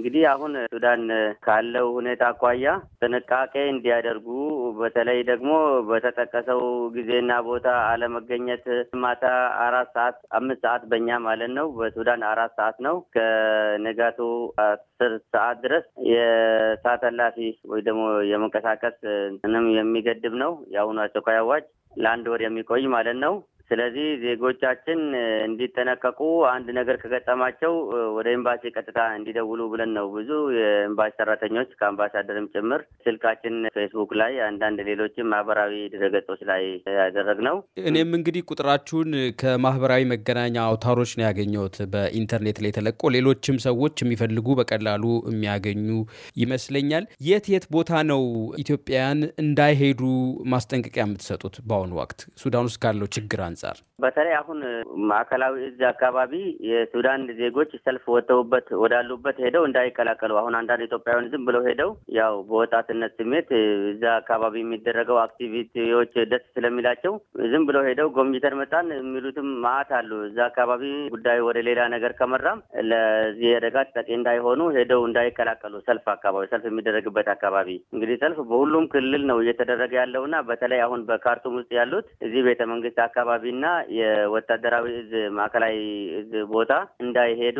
እንግዲህ አሁን ሱዳን ካለው ሁኔታ አኳያ ጥንቃቄ እንዲያደርጉ በተለይ ደግሞ በተጠቀሰው ጊዜና ቦታ አለመገኘት ማታ አራት ሰዓት አምስት ሰዓት በእኛ ማለት ነው በሱዳን አራት ሰዓት ነው ከንጋቱ አስር ሰዓት ድረስ የሰዓት እላፊ ወይ ደግሞ የመንቀሳቀስ ንም የሚገድብ ነው የአሁኑ አስቸኳይ አዋጅ ለአንድ ወር የሚቆይ ማለት ነው። ስለዚህ ዜጎቻችን እንዲጠነቀቁ አንድ ነገር ከገጠማቸው ወደ ኤምባሲ ቀጥታ እንዲደውሉ ብለን ነው። ብዙ የኤምባሲ ሰራተኞች ከአምባሳደርም ጭምር ስልካችን ፌስቡክ ላይ አንዳንድ ሌሎችም ማህበራዊ ድረገጾች ላይ ያደረግ ነው። እኔም እንግዲህ ቁጥራችሁን ከማህበራዊ መገናኛ አውታሮች ነው ያገኘሁት፣ በኢንተርኔት ላይ ተለቆ ሌሎችም ሰዎች የሚፈልጉ በቀላሉ የሚያገኙ ይመስለኛል። የት የት ቦታ ነው ኢትዮጵያውያን እንዳይሄዱ ማስጠንቀቂያ የምትሰጡት በአሁኑ ወቅት ሱዳን ውስጥ ካለው ችግር አንጻር? الانذار በተለይ አሁን ማዕከላዊ እዝ አካባቢ የሱዳን ዜጎች ሰልፍ ወጥተውበት ወዳሉበት ሄደው እንዳይቀላቀሉ አሁን አንዳንድ ኢትዮጵያውያን ዝም ብለው ሄደው ያው በወጣትነት ስሜት እዛ አካባቢ የሚደረገው አክቲቪቲዎች ደስ ስለሚላቸው ዝም ብለው ሄደው ጎብኝተን መጣን የሚሉትም ማአት አሉ። እዛ አካባቢ ጉዳዩ ወደ ሌላ ነገር ከመራም ለዚህ አደጋ ተጠቂ እንዳይሆኑ ሄደው እንዳይቀላቀሉ ሰልፍ አካባቢ ሰልፍ የሚደረግበት አካባቢ እንግዲህ ሰልፍ በሁሉም ክልል ነው እየተደረገ ያለውና በተለይ አሁን በካርቱም ውስጥ ያሉት እዚህ ቤተ መንግስት አካባቢና የወታደራዊ እዝ ማዕከላዊ እዝ ቦታ እንዳይሄዱ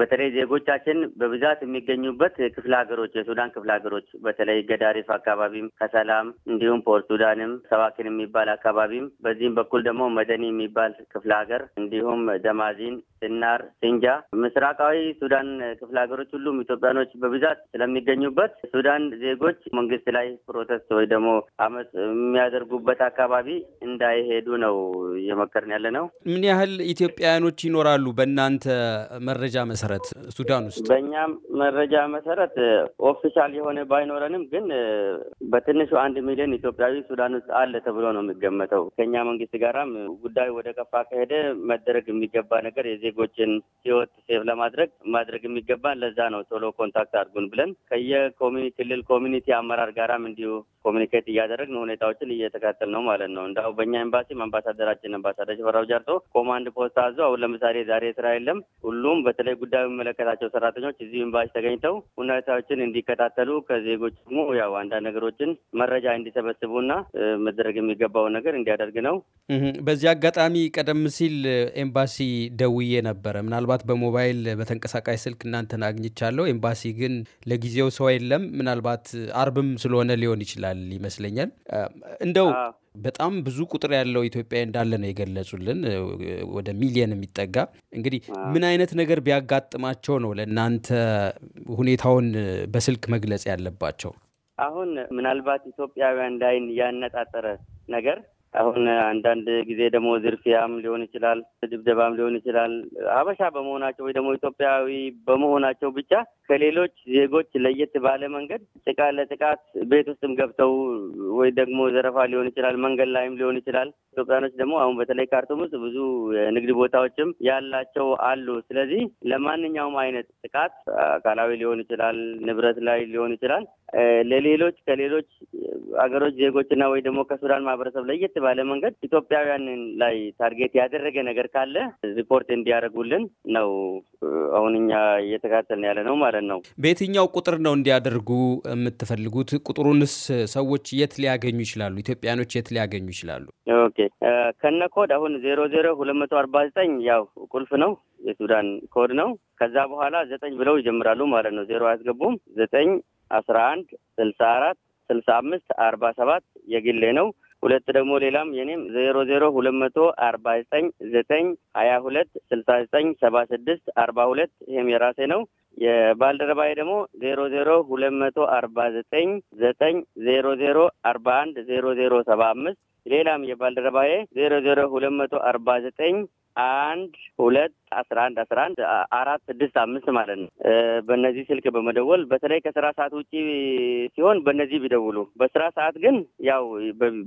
በተለይ ዜጎቻችን በብዛት የሚገኙበት ክፍለ ሀገሮች የሱዳን ክፍለ ሀገሮች በተለይ ገዳሪፍ አካባቢም ከሰላም እንዲሁም ፖርት ሱዳንም ሰባኪን የሚባል አካባቢም በዚህም በኩል ደግሞ መደኒ የሚባል ክፍለ ሀገር እንዲሁም ደማዚን ስናር፣ ሲንጃ ምስራቃዊ ሱዳን ክፍለ ሀገሮች ሁሉም ኢትዮጵያኖች በብዛት ስለሚገኙበት ሱዳን ዜጎች መንግስት ላይ ፕሮቴስት ወይ ደግሞ አመፅ የሚያደርጉበት አካባቢ እንዳይሄዱ ነው እየመከርን ያለ ነው። ምን ያህል ኢትዮጵያውያኖች ይኖራሉ? በእናንተ መረጃ መሰረት ሱዳን ውስጥ በእኛ መረጃ መሰረት ኦፊሻል የሆነ ባይኖረንም ግን በትንሹ አንድ ሚሊዮን ኢትዮጵያዊ ሱዳን ውስጥ አለ ተብሎ ነው የሚገመተው። ከኛ መንግስት ጋራም ጉዳዩ ወደ ከፋ ከሄደ መደረግ የሚገባ ነገር የዜጎችን ህይወት ሴቭ ለማድረግ ማድረግ የሚገባን ለዛ ነው። ቶሎ ኮንታክት አድርጉን ብለን ከየኮሚኒ ክልል ኮሚኒቲ አመራር ጋራም እንዲሁ ኮሚኒኬት እያደረግን ሁኔታዎችን እየተካተል ነው ማለት ነው። እንዳው በእኛ ኤምባሲም አምባሳደራችን አምባሳደር ሽፈራው ጃርቶ ኮማንድ ፖስት አዞ አሁን ለምሳሌ ዛሬ ስራ የለም። ሁሉም በተለይ ጉዳዩ የሚመለከታቸው ሰራተኞች እዚሁ ኤምባሲ ተገኝተው ሁኔታዎችን እንዲከታተሉ ከዜጎች ደግሞ ያው አንዳንድ ነገሮችን መረጃ እንዲሰበስቡና መደረግ የሚገባው ነገር እንዲያደርግ ነው። በዚህ አጋጣሚ ቀደም ሲል ኤምባሲ ደውዬ ነበረ። ምናልባት በሞባይል በተንቀሳቃሽ ስልክ እናንተን አግኝቻለሁ። ኤምባሲ ግን ለጊዜው ሰው የለም። ምናልባት አርብም ስለሆነ ሊሆን ይችላል ይችላል ይመስለኛል። እንደው በጣም ብዙ ቁጥር ያለው ኢትዮጵያ እንዳለ ነው የገለጹልን፣ ወደ ሚሊየን የሚጠጋ እንግዲህ ምን አይነት ነገር ቢያጋጥማቸው ነው ለእናንተ ሁኔታውን በስልክ መግለጽ ያለባቸው? አሁን ምናልባት ኢትዮጵያውያን ላይን ያነጣጠረ ነገር አሁን አንዳንድ ጊዜ ደግሞ ዝርፊያም ሊሆን ይችላል፣ ድብደባም ሊሆን ይችላል። ሀበሻ በመሆናቸው ወይ ደግሞ ኢትዮጵያዊ በመሆናቸው ብቻ ከሌሎች ዜጎች ለየት ባለ መንገድ ጥቃ ለጥቃት ቤት ውስጥም ገብተው ወይ ደግሞ ዘረፋ ሊሆን ይችላል፣ መንገድ ላይም ሊሆን ይችላል። ኢትዮጵያኖች ደግሞ አሁን በተለይ ካርቱም ውስጥ ብዙ የንግድ ቦታዎችም ያላቸው አሉ። ስለዚህ ለማንኛውም አይነት ጥቃት አካላዊ ሊሆን ይችላል፣ ንብረት ላይ ሊሆን ይችላል ለሌሎች ከሌሎች አገሮች ዜጎችና ወይ ደግሞ ከሱዳን ማህበረሰብ ለየት ባለ መንገድ ኢትዮጵያውያንን ላይ ታርጌት ያደረገ ነገር ካለ ሪፖርት እንዲያደርጉልን ነው አሁን እኛ እየተካተልን ያለ ነው ማለት ነው። በየትኛው ቁጥር ነው እንዲያደርጉ የምትፈልጉት? ቁጥሩንስ ሰዎች የት ሊያገኙ ይችላሉ? ኢትዮጵያኖች የት ሊያገኙ ይችላሉ? ኦኬ ከነ ኮድ አሁን ዜሮ ዜሮ ሁለት መቶ አርባ ዘጠኝ ያው ቁልፍ ነው የሱዳን ኮድ ነው። ከዛ በኋላ ዘጠኝ ብለው ይጀምራሉ ማለት ነው። ዜሮ አያስገቡም። ዘጠኝ አስራ አንድ ስልሳ አራት ስልሳ አምስት አርባ ሰባት የግሌ ነው። ሁለት ደግሞ ሌላም የኔም ዜሮ ዜሮ ሁለት መቶ አርባ ዘጠኝ ዘጠኝ ሀያ ሁለት ስልሳ ዘጠኝ ሰባ ስድስት አርባ ሁለት ይህም የራሴ ነው። የባልደረባዬ ደግሞ ዜሮ ዜሮ ሁለት መቶ አርባ ዘጠኝ ዘጠኝ ዜሮ ዜሮ አርባ አንድ ዜሮ ዜሮ ሰባ አምስት ሌላም የባልደረባዬ ዜሮ ዜሮ ሁለት መቶ አርባ ዘጠኝ አንድ ሁለት አስራ አንድ አስራ አንድ አራት ስድስት አምስት ማለት ነው። በእነዚህ ስልክ በመደወል በተለይ ከስራ ሰዓት ውጪ ሲሆን በእነዚህ ቢደውሉ፣ በስራ ሰዓት ግን ያው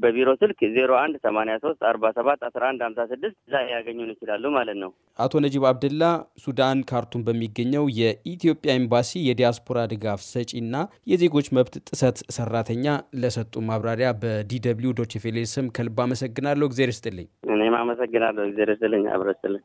በቢሮ ስልክ ዜሮ አንድ ሰማንያ ሶስት አርባ ሰባት አስራ አንድ ሀምሳ ስድስት እዛ ያገኙን ይችላሉ ማለት ነው። አቶ ነጂብ አብድላ ሱዳን ካርቱም በሚገኘው የኢትዮጵያ ኤምባሲ የዲያስፖራ ድጋፍ ሰጪና የዜጎች መብት ጥሰት ሰራተኛ ለሰጡ ማብራሪያ በዲደብሊው ዶችፌሌ ስም ከልብ አመሰግናለሁ። እግዜር ይስጥልኝ። አመሰግናለሁ። እግዚአብሔር ይስጥልኝ። አብረስጥልኝ